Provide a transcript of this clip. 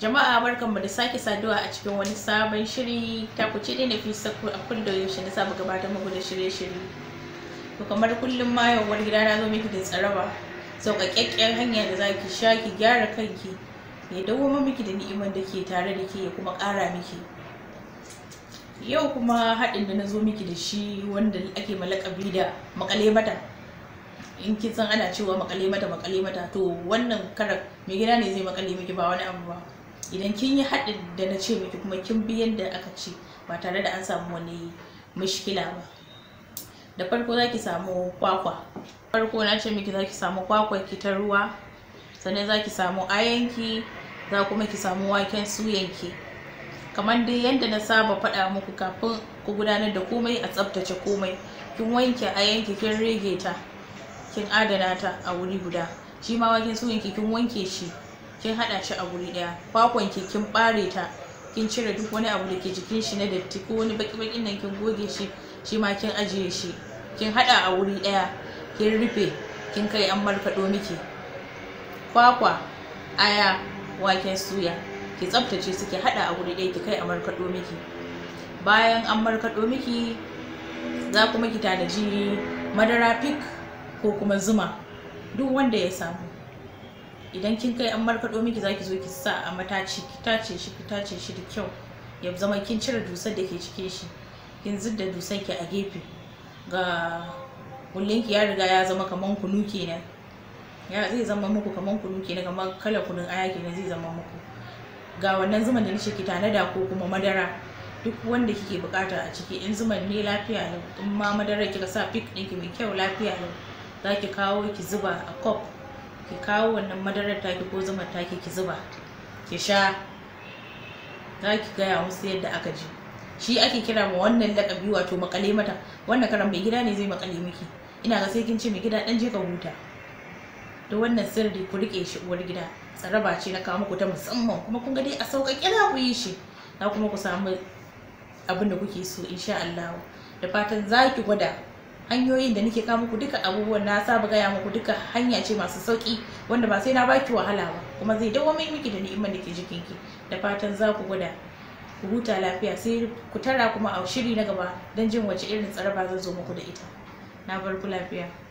Jama'a barkanmu da sake saduwa a cikin wani sabon shiri ta kuce da fi sako a kullum yaushe na sabu gabatar muku da shirye-shirye. To kamar kullum ma yau wani gida na zo miki da tsaraba sauƙaƙƙen hanya da zaki sha ki gyara kanki ya dawo miki da ni'imar da ke tare da ke ya kuma ƙara miki. Yau kuma haɗin da na zo miki da shi wanda ake malakabi da makale mata. in kin san ana cewa makale mata makale mata to wannan karar mai gida ne zai makale miki ba wani abu ba idan kin yi haɗin da na ce miki kuma kin bi yadda aka ce ba tare da an samu wani mushkila ba da farko za ki samu kwakwa farko na ce miki za ki samu kwakwa ki ta ruwa sannan za ki samu ayanki za kuma ki samu waken suyanki kamar dai yadda na saba faɗa muku kafin ku gudanar da komai a tsaftace komai kin wanke ayanki kin rage ta kin adana ta a wuri guda shi ma waken suyanki kin wanke shi kin haɗa shi a guri ɗaya kwakwan ki kin ɓare ta kin cire duk wani abu da ke jikin shi na datti ko wani baki baƙin nan kin goge shi shi ma kin ajiye shi kin haɗa a wuri ɗaya kin rufe kin kai an markaɗo miki kwakwa aya waken suya ki tsaftace su ki haɗa a wuri ɗaya ki kai a markaɗo miki bayan an markaɗo miki za kuma ki tanaji madara fik ko kuma zuma duk wanda ya samu idan kin kai an markaɗo miki zaki zo ki sa a mataci ki tace shi ki tace shi da kyau ya zama kin cire dusar da ke cike shi kin zidda dusar ki a gefe ga kullun ki ya riga ya zama kaman kunu kenan ya zai zama muku kaman kunu kenan kamar kalar kunun aya kenan zai zama muku ga wannan zuman da nace ki tanada ko kuma madara duk wanda kike bukata a ciki in zuman ne lafiya lau in ma madara kika sa fik ɗinki mai kyau lafiya lau za ki kawo ki zuba a cup ki kawo wannan madarar taki ko zuma taki ki zuba ki sha za ki gaya musu yadda aka ji shi ake kira ma wannan lakabi wato makale mata wannan karan mai gida ne zai makale miki ina ga sai kin ce mai gida dan je ka huta da wannan sirri ku rike shi uwar gida tsaraba ce na kawo muku ta musamman kuma kun ga dai a sauƙaƙe za ku yi shi na kuma ku samu abin da kuke so insha Allah da fatan za ki gwada hanyoyin da nake kawo muku duka abubuwan na saba gaya muku duka hanya ce masu sauki wanda ba sai na baki wahala ba kuma zai dawo mai miki da ni'imar da ke ki da fatan za ku gwada ku huta lafiya sai ku tara kuma a shiri na gaba don jin wace irin tsaraba zan zo muku da ita na bar ku lafiya